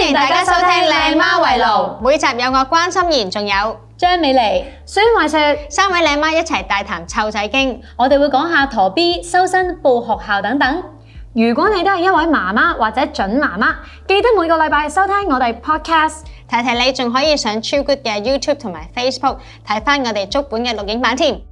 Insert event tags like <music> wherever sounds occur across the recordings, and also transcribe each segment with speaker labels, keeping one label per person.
Speaker 1: 歡迎大家收聽
Speaker 2: 靚媽為奴，每集有我關心妍，仲有張美麗、孫慧雪三
Speaker 1: 位靚媽一齊大談湊仔經，我哋會講下陀 B、修身、報學校等等。如果你都係一位媽媽或者準媽媽，記得每個禮拜收聽我哋
Speaker 2: podcast。提提你仲可以上超 Good 嘅 YouTube 同埋 Facebook 睇翻我哋足本嘅錄影版添。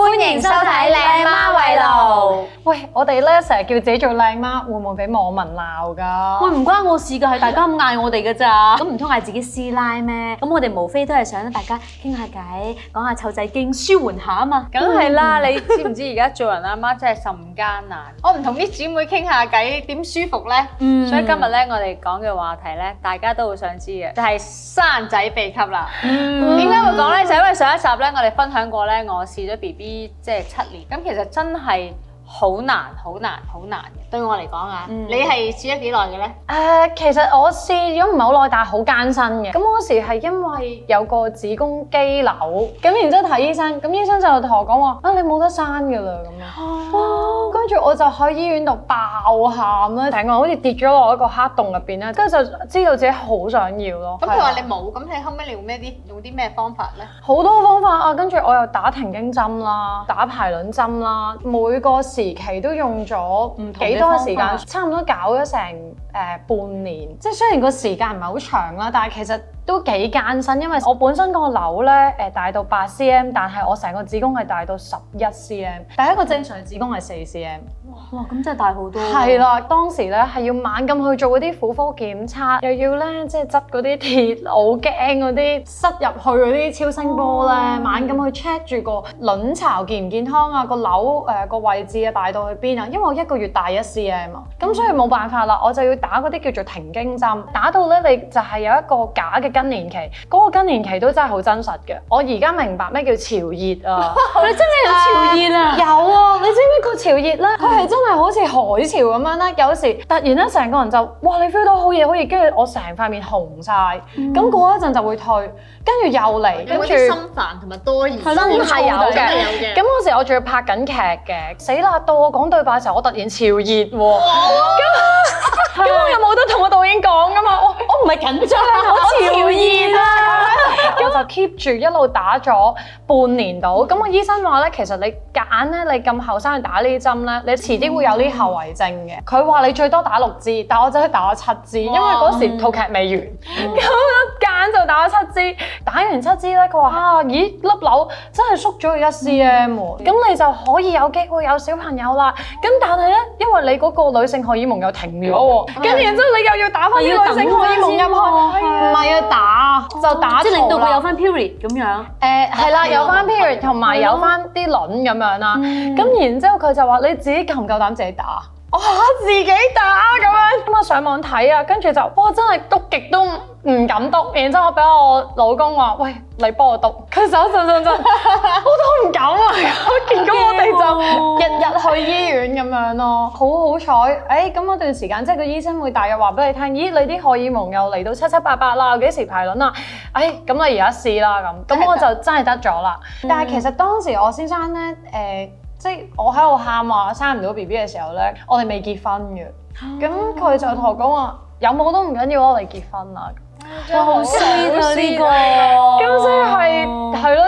Speaker 2: 歡迎收睇《
Speaker 1: 靚媽為路》。
Speaker 3: 喂，我哋咧成日叫自己做靚媽，會唔會俾網民鬧噶？喂，
Speaker 1: 唔關我事噶，係大家咁嗌我哋噶咋？咁唔通嗌自己師奶咩？咁我哋無非都係想咧，大家傾下偈，講下湊仔經，舒緩下啊嘛。梗係啦，你
Speaker 2: 知唔知而家做人阿媽真係甚艱難？我唔同啲姊妹傾下偈，點舒服咧？嗯。所以今日咧，我哋講嘅話題咧，大家都好想知嘅，就係生仔秘笈啦。嗯。點解會講咧？就因為上一集咧，我哋分享過咧，我試咗 BB。即係七年，咁其實真係。好難，好難，好難嘅。對我嚟
Speaker 3: 講啊，嗯、你係試咗幾耐嘅咧？誒，uh, 其實我試咗唔係好耐，但係好艱辛嘅。咁嗰時係因為有個子宮肌瘤，咁是然之後睇醫生，咁醫生就同我講話啊，你冇得生㗎啦咁樣。跟住、啊、 <laughs> 我就喺醫院度爆喊啦，成個好似跌咗落一個黑洞入邊啦。跟住就知道自己好想要咯。咁佢話你冇，
Speaker 2: 咁你後尾你用咩啲用啲咩方法咧？
Speaker 3: 好 <laughs> 多方法啊！跟住我又打停經針啦，打排卵針啦，每個時期都用咗唔幾多時間，差唔多搞咗成誒半年。即係雖然個時間唔係好長啦，但係其實，都幾艱辛，因為我本身個瘤咧，誒、呃、大到八 cm，但係我成個子宮係大到十一 cm，第一個正常嘅子宮係四 cm
Speaker 2: 哇。哇，咁、嗯、真係大好多、啊。係啦，
Speaker 3: 當時咧係要猛咁去做嗰啲婦科檢查，又要咧即係執嗰啲鐵路鏡嗰啲塞入去嗰啲超聲波咧，猛咁、哦、去 check 住個卵巢健唔健康啊，個瘤誒個位置啊大到去邊啊，因為我一個月大一 cm 啊、嗯，咁所以冇辦法啦，我就要打嗰啲叫做停經針，打到咧你就係、是、有一個假嘅。更年期，嗰個更年期都真係好真實嘅。我而家明白咩叫潮熱啊！你真係有潮熱啊！有啊！你知唔知個潮熱咧？佢係真係好似海潮咁樣啦。有時突然咧，成個人就哇，你 feel 到好熱，好熱，跟住我成塊面紅晒。咁過一陣就會退，跟住又嚟。有
Speaker 2: 冇啲心煩同埋多疑？係啦，係有嘅。咁
Speaker 3: 嗰時我仲要拍緊劇嘅，死啦！到我講對白嘅時候，我突然潮熱喎。咁我有冇得同個導演講噶嘛？我唔係緊張好潮！啦，我就 keep 住一路打咗半年到。咁個醫生話咧，其實你揀咧，你咁後生去打呢啲針咧，你遲啲會有呢啲後遺症嘅。佢話你最多打六支，但我真係打咗七支，因為嗰時套劇未完。咁揀就打咗七支，打完七支咧，佢話啊，咦粒瘤真係縮咗一 CM 喎。咁你就可以有機會有小朋友啦。咁但係咧，因為你嗰個女性荷爾蒙又停咗喎，咁然之後你又要打翻啲女性荷爾蒙入去，唔係啊打就打，即令到佢有翻
Speaker 1: period 咁樣。誒，係啦，有翻 period 同埋有翻
Speaker 3: 啲輪咁樣啦。咁然之後佢就話：你自己夠唔夠膽自己打？啊，自己打咁樣。咁啊，上網睇啊，跟住就哇，真係督極都唔敢督。然之後我俾我老公話：喂，你幫我督。佢手震震震，我都唔敢。啊。咁樣咯，好好彩！誒、欸，咁嗰段時間即係個醫生會大約話俾你聽，咦、欸，你啲荷爾蒙又嚟到七七八八啦，又幾時排卵啊？誒、欸，咁我而家試啦，咁，咁我就真係得咗啦。 <laughs> 但係其實當時我先生咧，誒、呃，即係我喺度喊話生唔到 BB 嘅時候咧，我哋未結婚嘅，咁佢 <laughs> 就同我講話有冇都唔緊要，我哋結婚啦。真係好衰啊呢個，
Speaker 1: 咁所以係係咯，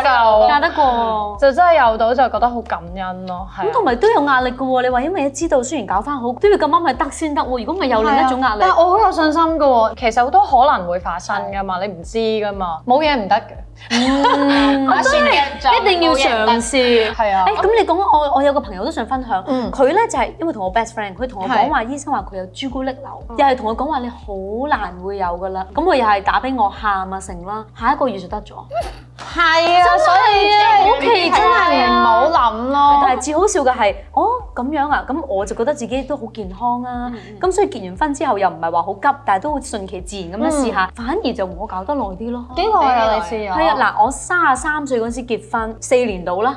Speaker 1: 之後就壓得過，就真係有到就覺得好感恩咯。咁同埋都有壓力嘅喎，你話因為一知道，雖然搞翻好都要咁啱係得先得喎，如果唔係又另一種壓力。但係我好有信心嘅喎，其實好多可能
Speaker 3: 會發生噶嘛，你唔知噶嘛，冇嘢唔得嘅，冇嘢一定要嘗試係啊。誒咁你
Speaker 1: 講，我我有個朋友都想分享，佢咧就係因為同我 best friend，佢同我講話，醫生話佢有朱古力瘤，又係同我講話你好難會有嘅。咁佢又係打俾我喊啊成啦，下一個月就得咗。係啊，真所以啊，好奇真係唔好諗咯。但係最好笑嘅係，哦咁樣啊，咁我就覺得自己都好健康啊。咁的所以結完婚之後又唔係話好急，但係都會順其自然咁樣試下，嗯、反而就我搞得耐啲咯。幾耐啊？你試啊？係啊，嗱，我三啊三十三歲嗰陣時結婚，四年到啦。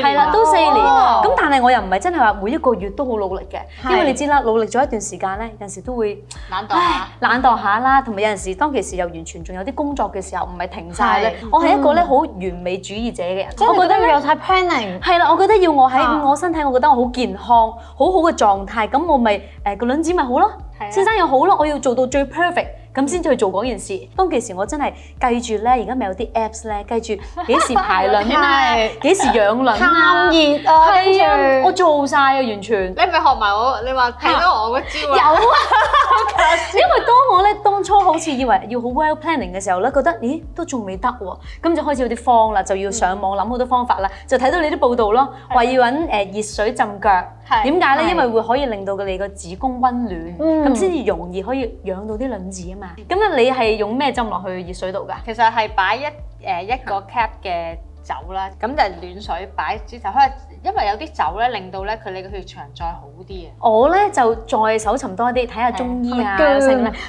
Speaker 1: 係啦，都四年，咁、哦、但係我又唔係真係話每一個月都好努力嘅，是因為你知啦，努力咗一段時間咧，有陣時都會懶惰下，唉懶惰下啦，同埋有陣時當其時又完全仲有啲工作嘅時候，唔係停晒咧。是。我係一個咧好完美主義者嘅人，嗯、我覺得又太 planning。係啦，我覺得要我喺、啊、我身體，我覺得我好健康，好好嘅狀態，咁我咪誒個卵子咪好咯，的先生又好咯，我要做到最 perfect。咁先去做嗰件事。當其時我真係記住咧，而家咪有啲 apps 咧，記住幾時排卵，幾原來 時養卵、啊。太攪熱啊！我做晒啊，完全。
Speaker 2: 你咪學埋我，你話睇到我嘅招 <laughs>
Speaker 1: 有啊， <laughs> <laughs> <laughs> 因為當我咧當初好似以為要好 well planning 嘅時候咧，覺得咦都仲未得喎，咁就開始有啲慌啦，就要上網諗好多方法啦，嗯、就睇到你啲報道咯，話要揾誒熱水浸腳。點解咧？為呢因為會可以令到佢哋個子宮溫暖，咁先至容易可以養到啲卵子啊嘛。咁啊，你係用咩浸落去熱水度噶？其實
Speaker 2: 係擺一誒一個 cap 嘅酒啦，咁、嗯、就暖水擺之後，可能因為有啲酒咧，令到咧佢哋個血循環再好啲啊。
Speaker 1: 我咧就再搜尋多啲，睇下中醫啊，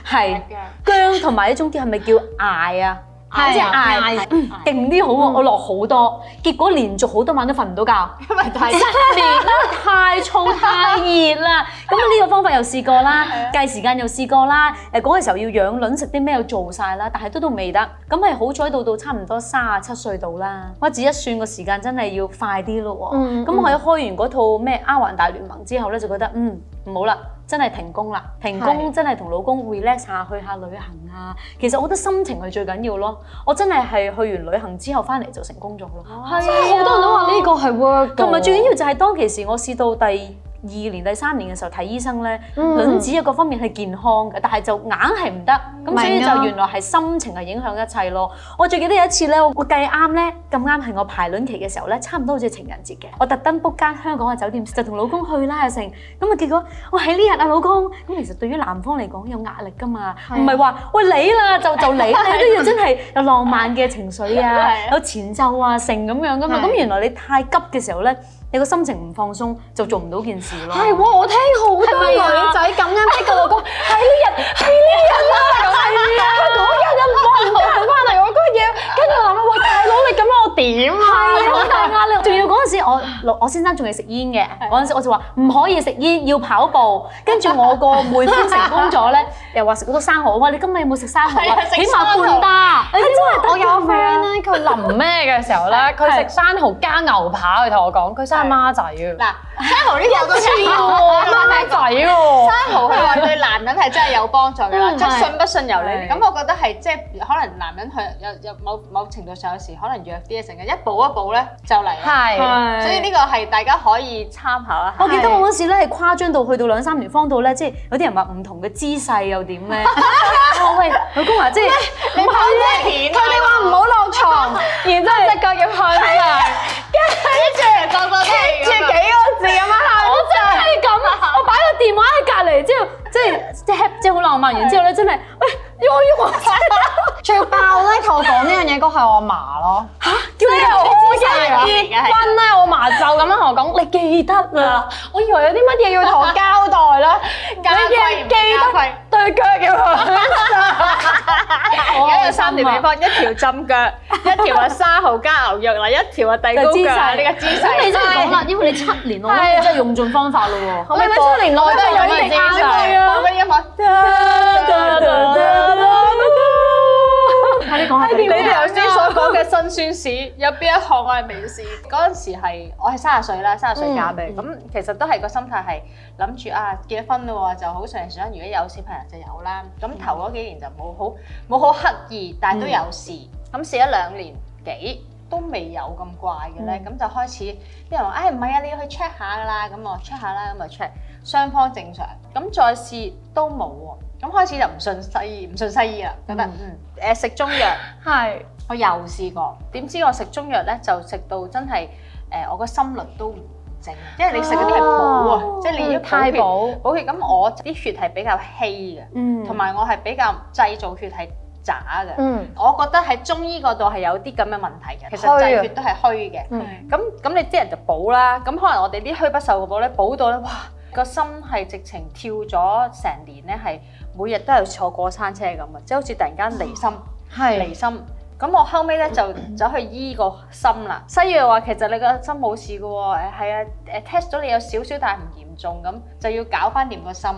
Speaker 1: 係薑同埋啲中醫係咪叫艾啊？係，挨唉，勁啲好喎，嗯、我落好多，結果連續好多晚都瞓唔到覺，係， <laughs> 面咧太燥太熱啦，咁呢個方法又試過啦，的計時間又試過啦，誒嗰個時候要養卵食啲咩又做晒啦，但係都都未得，咁係好彩到到差唔多三十七歲度啦，我屈指一算個時間真係要快啲咯喎，咁我一開完嗰套咩《丫鬟大聯盟》之後咧，就覺得嗯唔好啦。真係停工啦！停工是真係同老公 relax 下去下旅行啊！其實我覺得心情係最緊要咯。我真係係去完旅行之後翻嚟就成功咗咯。係啊，好多人都話呢個
Speaker 3: 係 work。同埋最緊
Speaker 1: 要就係當其時我試到第。二年第三年嘅時候睇醫生咧，嗯、卵子啊各方面係健康嘅，但係就硬係唔得，咁、嗯、所以就原來係心情係影響一切咯。我最記得有一次咧，我計啱咧，咁啱係我排卵期嘅時候咧，差唔多好似情人節嘅，我特登 book 間香港嘅酒店，就同老公去啦又成，咁啊 <laughs> 結果我喺呢日啊老公，咁其實對於男方嚟講有壓力噶嘛，唔係話喂你啦就就你咧，呢啲又真係有浪漫嘅情緒啊， <laughs> 對 有前奏啊成咁樣噶嘛，咁是是原來你太急嘅時候咧。你個心情唔放鬆就做唔到件事咯。係喎，我聽好多是不是女仔咁啱啲個
Speaker 3: 老公係呢日？係呢日啦，佢夠人反感。
Speaker 1: 跟住我諗啊，喂，大佬，你咁樣，我點啊？係啊，好大壓力。仲要嗰陣時，我我先生仲係食煙嘅。嗰陣的時我就話唔可以食煙，要跑步。跟住我個妹，妹，標成功咗咧，又話食好多生蠔。我話你今日有冇食生蠔啊？起碼半打。哎、你真係我有 friend 咧，
Speaker 3: 佢臨咩嘅時候咧，佢食生蠔加牛扒，佢同我講佢生孖仔啊。嗱，的生蠔呢個都 <laughs> 真係有幫助嘅，嗯、即係信不信由你。咁的、嗯、我
Speaker 2: 覺得係即係可能男人去，有有某某程度上有時可能弱啲嘅，成日一步一步咧就嚟。係的，所以呢個係大家可以參考啦。的的我記得我嗰
Speaker 1: 時咧係誇張到去到兩三年，荒度咧，即係有啲人話唔同嘅姿勢又點咧、 <laughs> 哦？
Speaker 2: 喂，老公話即係唔好咩片，佢哋
Speaker 1: 話唔好落床。 <laughs>
Speaker 3: 然」然之後隻腳要開大。跟住、那個個聽住幾個字
Speaker 1: 咁樣嚇，我真係咁，我擺個電話喺隔離，之後即係即係即係好浪漫。然後然後之後咧真係，喂，要我喐一喐， <laughs> 最爆咧！同我講
Speaker 3: 呢樣嘢，嗰係我阿嫲咯。嚇、啊，叫你冇人結婚咧，我嫲就咁樣同我講，你記得啦。 <laughs> 我以為有啲乜嘢要同我交代咧， <laughs> 你記得。
Speaker 1: 腳叫而家有三條配 <laughs> 方，一條
Speaker 2: 浸腳， <laughs> 一條啊沙豪加牛肉嗱，一條啊地瓜。就姿勢呢個姿勢，你真係講啦， <laughs> 的因為你
Speaker 1: 七年喎，你真係用盡方法嘞喎，我哋七年內都用啲姿
Speaker 2: 勢啊！咩音
Speaker 1: 你講你你頭先所講嘅辛
Speaker 2: 酸史，有邊一項我係未試？嗰陣 <laughs> 時係我係三十歲啦，三十歲嫁俾咁，嗯嗯、其實都係個心態係諗住啊結咗婚咯喎，就好常想如果有小朋友就有啦。咁頭嗰幾年就冇好冇好刻意，但係都有試。咁、嗯嗯、試咗兩年幾都未有咁怪嘅咧，咁、嗯、就開始啲人話，哎唔係啊，你要去 check 下噶啦。咁我 check 下啦，咁啊 check，雙方正常。咁再試都冇喎。咁開始就唔信西醫唔信西醫啦，明唔明？誒、嗯、食中藥係，是我又試過，點知我食中藥咧就食到真係誒、呃、我個心率都唔正，
Speaker 1: 因為你食嗰啲係補啊，即係你要補太、嗯、補，
Speaker 2: 補血咁我啲血係比較稀嘅，同埋、嗯、我係比較製造血係渣嘅。嗯，我覺得喺中醫嗰度係有啲咁嘅問題嘅，其實製血都係虛嘅。係的，咁咁、嗯、你啲人就補啦。咁可能我哋啲虛不受補咧，補到咧哇個心係直情跳咗成年咧係。每日都係坐過山車咁啊，即係好似突然間離心，是離心。咁我後尾咧 <coughs> 就走去醫個心啦。西醫話其實你個心冇事嘅喎，係、呃、啊，誒 test 咗你有少少，但係唔嚴重咁，就要搞翻掂個心。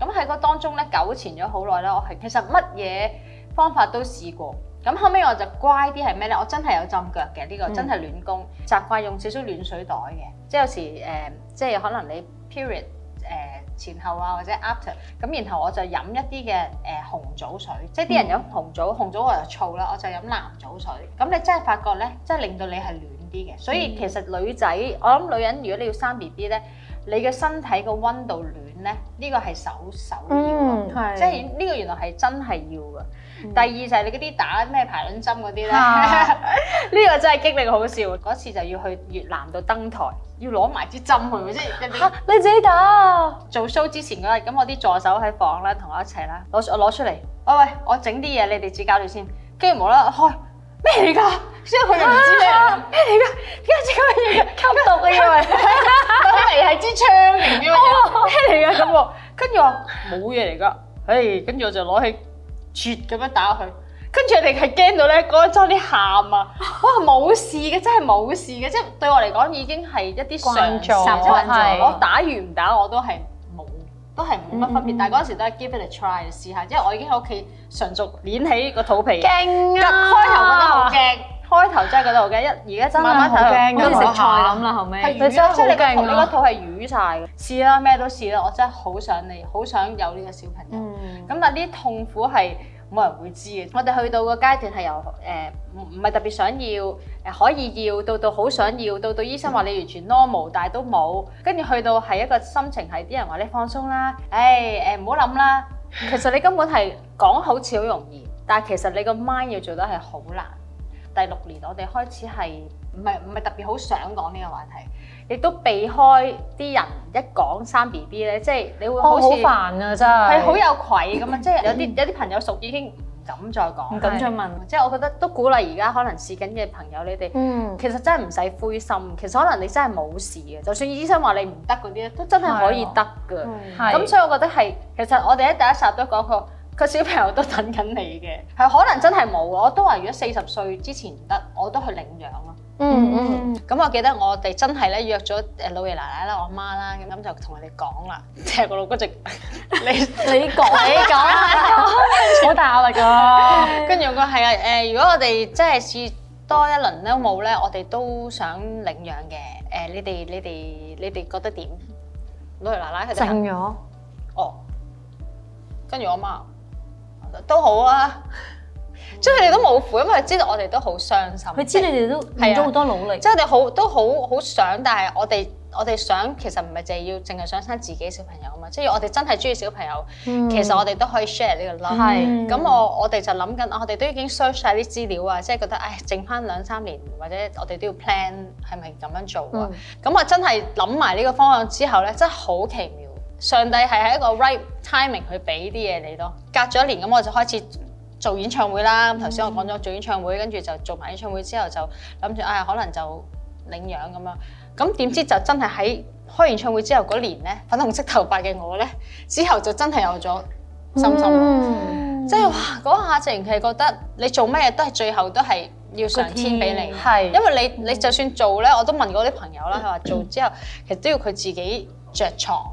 Speaker 2: 咁喺個當中咧，糾纏咗好耐啦。我係其實乜嘢方法都試過。咁後尾我就乖啲係咩咧？我真係有浸腳嘅呢、這個，嗯、真係暖宮。習慣用少少暖水袋嘅，即係有時誒、呃，即係可能你 period。前後啊，或者 after，咁然後我就飲一啲嘅誒紅棗水，即係啲人飲紅棗，嗯、紅棗我就燥啦，我就飲藍棗水。咁你真係發覺咧，即係令到你係暖啲嘅。所以其實女仔，我諗女人如果你要生 B B 咧，你嘅身體個溫度暖咧，呢、呢個係首首要，嗯、即係呢個原來係真係要嘅。第二就係你嗰啲打咩排卵針嗰啲咧，呢 <laughs> 個真係激你好笑。嗰次就要去越南度登台，要攞埋支針係咪先？嚇你自己打、啊！做 show 之前嗰日，咁我啲助手喺房啦，同我一齊啦，攞我攞出嚟。啊喂，我整啲嘢，哎、你哋只交流先。跟住無啦開，
Speaker 1: 咩嚟㗎？之後
Speaker 2: 佢又唔知咩，咩嚟㗎？點解咁嘅嘢？吸毒嘅嘢嚟？係咪係支槍嚟㗎？咁跟住我冇嘢嚟㗎。唉，跟住、啊、 <laughs> 我就攞起。絕咁樣打落去，跟住佢哋係驚到咧，嗰陣啲喊啊！哇，冇事嘅，真係冇事嘅，即係對我嚟講已經係一啲常識。我打完唔打我都係冇，都係冇乜分別。嗯、但係嗰陣時都係 give it a try 試下，因為我已經喺屋企常續練起個肚皮。勁怕啊！一開頭覺得好勁。啊啊開頭真係覺得好驚，一而家真係慢慢睇，好似食菜諗啦後尾，即你真係，你個肚係瘀晒嘅。試啦，咩都試啦，我真係好想你，好想有呢個小朋
Speaker 1: 友。咁、嗯、
Speaker 2: 但係呢啲痛苦係冇人會知嘅。我哋去到個階段係由誒唔唔係特別想要，誒可以要到到好想要，到到醫生話你完全 normal 但係都冇。跟住去到係一個心情係啲人話你放鬆啦，誒誒唔好諗啦。其實你根本係講好似好容易，但係其實你個 mind 要做得係好難。第六年我哋開始係唔係唔係特別好想講呢個話題，亦都避開啲人一講生 B B 咧，即係你會好似好煩啊，真係係好有愧咁啊！即係 <laughs> 有啲有啲朋友熟已經唔敢再講，唔敢再問。即係我覺得都鼓勵而家可能試緊嘅朋友你哋，嗯、其實真係唔使灰心。其實可能你真係冇事嘅，就算醫生話你唔得嗰啲咧，都真係可以得嘅。咁、嗯嗯、所以我覺得係，其實我哋喺第一集都講過。個小朋友都等緊你嘅，係可能真係冇啊！我都話如果四十歲之前唔得，我都去領養咯。嗯嗯，咁我記得我哋真係咧約咗誒老爺奶奶啦、我媽啦，咁咁就同佢哋講啦，即係我老公直你你講你講，冇大壓力噶。跟住我講係啊，誒，如果我哋真係試多一輪都冇咧，我哋都想領養嘅。誒，你哋你哋你哋覺得點？老爺奶奶佢贈咗，哦，跟住我媽。都好啊，即佢哋都冇苦，因為知道我哋都好傷心，佢知你哋都係啊，好多努力，即係我哋好都好好想，但係我哋我哋想其實唔係淨係要淨係想生自己小朋友啊嘛，即係我哋真係中意小朋友，嗯、其實我哋都可以 share 呢個 love、like，嗯。係，咁我我哋就諗緊我哋都已經 search 曬啲資料啊，即係覺得唉，剩翻兩三年或者我哋都要 plan 係咪咁樣做啊？咁啊、嗯、真係諗埋呢個方向之後咧，真係好奇妙。上帝係喺一個 right timing 去俾啲嘢你咯，隔咗一年咁我就開始做演唱會啦。頭先、mm hmm. 我講咗做演唱會跟住就做埋演唱會之後就諗住啊，可能就領養咁樣咁，點知就真係喺開演唱會之後年咧，粉紅色頭髮嘅我咧，之後就真係有咗
Speaker 3: 心心，即係哇
Speaker 2: 嗰下真係覺得你做咩都係最後都係要上天俾你，係 's 因為你你就算做咧，我都問過啲朋友啦，佢話做之後其實都要佢自己着床。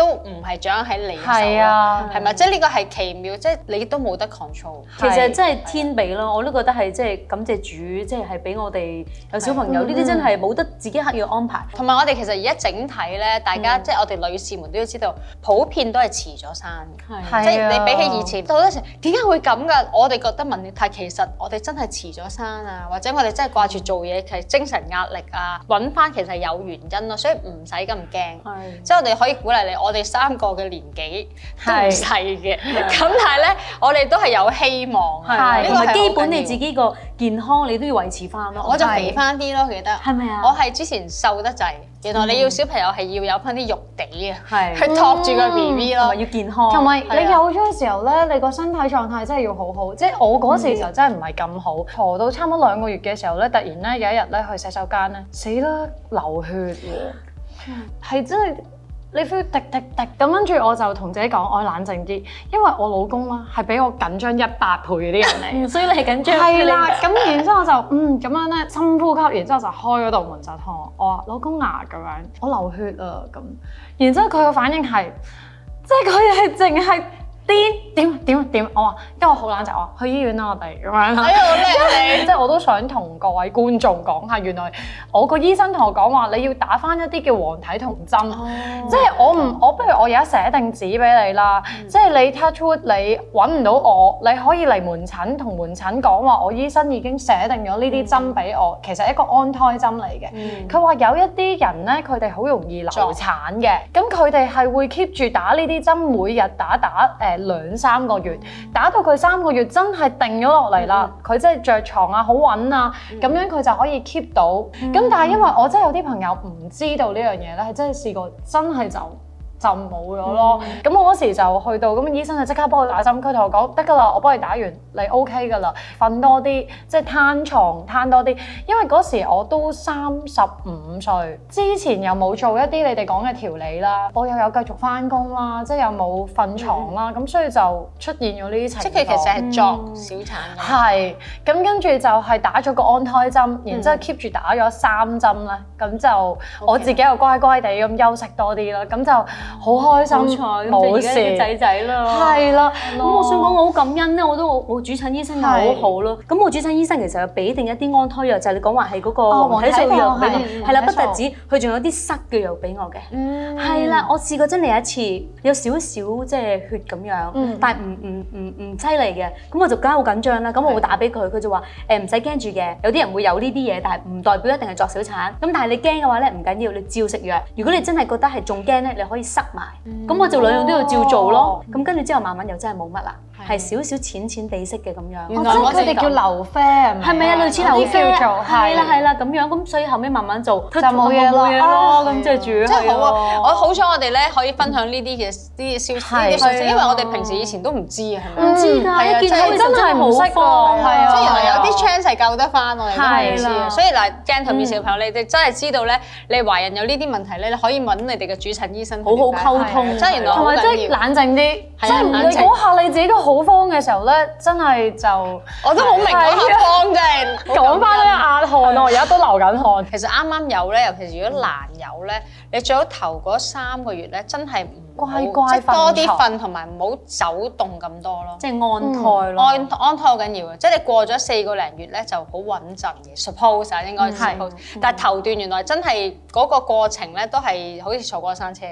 Speaker 2: 都唔係掌握喺你手，係啊，係咪？即係呢個係奇妙，
Speaker 1: 即係你都冇得 control。其實真係天俾咯，我都覺得係即係感謝主，即係係俾我哋有小朋友呢啲真係冇得自己一刻要安排。同埋我哋其實而家整體咧，
Speaker 2: 大家即係我哋女士們都要知道，普遍都係遲咗生。
Speaker 1: 係，即係你比起以前
Speaker 2: 好多時點解會咁㗎，我哋覺得問題其實我哋真係遲咗生啊，或者我哋真係掛住做嘢，其實精神壓力啊，揾翻其實有原因咯，所以唔使咁驚，係，即係我哋可以鼓勵你，我。我哋三個嘅年紀都唔細嘅，咁但係咧，我哋都係有希望嘅，呢個基本你自
Speaker 1: 己個健康你都要維持翻咯。我就肥翻
Speaker 2: 啲咯，記得係咪啊？我係之前瘦得滯，原來你要小朋友係要有番啲肉地嘅，係去托住個 B B 咯，要健康。同埋你有
Speaker 3: 咗嘅時候咧，你個身體狀態真係要好好。即係我嗰時就真係唔係咁好，坐到差唔多兩個月嘅時候咧，突然咧有一日咧去洗手間咧，死啦，流血喎，係真係。你感覺滴滴滴咁，跟住我就同自己講：我冷靜啲，因為我老公啦係比我緊張一百倍嗰啲人嚟。 <laughs> 所以你係緊張，係啦。咁 <laughs> 然之後我就嗯咁樣咧深呼吸，然之後就開嗰度門診堂。就我話老公牙咁樣，我流血啊咁。然之後佢嘅反應係，即係佢係淨係。癲點點點！我話，因為我好懶仔，我話去醫院啦，我哋咁樣。哎呀，好叻你！即係我都想同各位觀眾講下，原來我個醫生同我講話，你要打返一啲叫黃體酮針。即係我唔，我不如我而家寫定紙俾你啦。即係你 touch wood，你揾唔到我，你可以嚟門診同門診講話。我醫生已經寫定咗呢啲針俾我，其實一個安胎針嚟嘅。佢話有一啲人咧，佢哋好容易流產嘅，咁佢哋係會 keep 住打呢啲針，每日打打誒。誒兩三個月打到佢三個月，真係定咗落嚟啦！佢、嗯、真係着床啊，好穩啊，咁、嗯、樣佢就可以 keep 到。咁、嗯、但係因為我真係有啲朋友唔知道呢樣嘢咧，係、嗯、真係試過真係就。就冇咗咯，咁我嗰時就去到，咁醫生就即刻幫我打針，佢同我講，得㗎啦，我幫你打完，你 OK 㗎啦，瞓多啲，即係攤牀攤多啲，因為嗰時我都三十五歲，之前又冇做一啲你哋講嘅調理啦，我又有繼續返工啦，即係又冇瞓牀啦，咁所以就出現咗呢啲情況。即係其實係作小產。係，咁跟住就係打咗個安胎針，然之後 keep 住打咗三針啦，咁就我自己又乖乖地咁休息
Speaker 1: 多啲啦，咁就。好開心彩，咁而家仔仔啦，係啦。咁我想講我好感恩咧，我都我我主診醫生又好好咯。咁我主診醫生其實又俾定一啲安胎藥，就係你講話係嗰個黃體素藥俾我，係啦，不特止，佢仲有啲塞嘅藥俾我嘅。嗯，係啦，我試過真係有一次有少少即係血咁樣，但係唔唔唔唔犀利嘅。咁我就梗係好緊張啦，咁我會打俾佢，佢就話誒，唔使驚住嘅，有啲人會有呢啲嘢，但係唔代表一定係作小產。咁但係你驚嘅話咧，唔緊要，你照食藥。如果你真係覺得係仲驚咧，你可以塞埋，咁、嗯、我就兩樣都要照做咯。咁、哦嗯、跟住之後慢慢又真係冇乜啦。係少少淺淺地色嘅咁樣，原來我哋叫流啡係咪？係啊，類似流啡做，係啦係啦咁樣。咁所以後尾慢慢做就冇嘢冇嘢咯。咁即係住，真係好啊！我好彩我哋咧可以分享呢啲嘅啲消息。因為我哋
Speaker 2: 平時以前都唔知係咪。唔知㗎，一見到真係冇識喎。係啊，即係原來有啲 chance 係救得翻喎。係啦，所以嗱，gentleman 小朋友，你哋真係知道咧，你懷孕有呢啲問題咧，你可以揾你哋嘅主診醫生好好溝通，即係原來同埋即係冷靜啲，即係唔係下你自己都好。好慌嘅時候咧，真係就我都好明嗰一刻慌啫。講翻都係壓汗哦，而家都流緊汗。其實啱啱有咧，尤其是如果難有咧，你最好頭嗰三個月咧，真係唔乖乖，多啲瞓，同埋唔好走動咁多咯。即係安胎咯，安安胎好緊要啊！即係你過咗四個零月咧，就好穩陣嘅。Suppose 啊，應該 suppose。但係頭段原來真係嗰個過程咧，都係好似坐過山車。，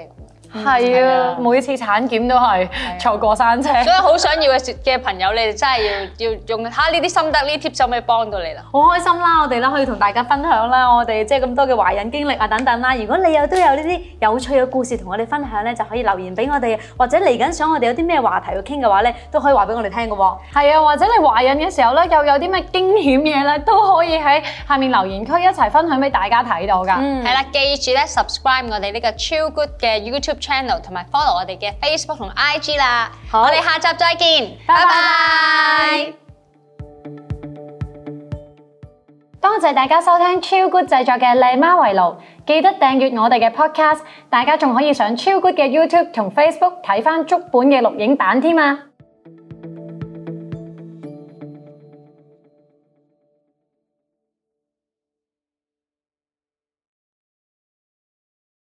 Speaker 3: 係啊，每次產檢都係坐過山車，所以好
Speaker 2: 想要嘅嘅朋友，你哋真係要要用下呢啲心得，呢啲貼心嘅幫到你啦，
Speaker 1: 好開心啦，我哋啦可以同大家分享啦，我哋即係咁多嘅懷孕經歷啊等等啦，如果你有都有呢啲有趣嘅故事同我哋分享咧，就可以留言俾我哋，或者嚟緊想我哋有啲咩話題要傾嘅話咧，都可以話俾我哋聽嘅喎，係啊，或者你懷孕嘅時候咧，又有啲咩驚險嘢咧，都可以喺
Speaker 2: 下面留言區一齊分享俾大家睇到㗎，係、嗯、啦，記住咧 <laughs> subscribe 我哋呢個超 good 嘅 YouTube channel 同埋 follow 我哋嘅 Facebook 同 IG 啦，我哋下集再見，拜拜！多
Speaker 3: 謝大家收聽超 good 製作嘅《麗媽圍爐》，記得訂閱我哋嘅 podcast，大家仲可以上超 good 嘅 YouTube 同 Facebook 睇返足本嘅錄影版添啊！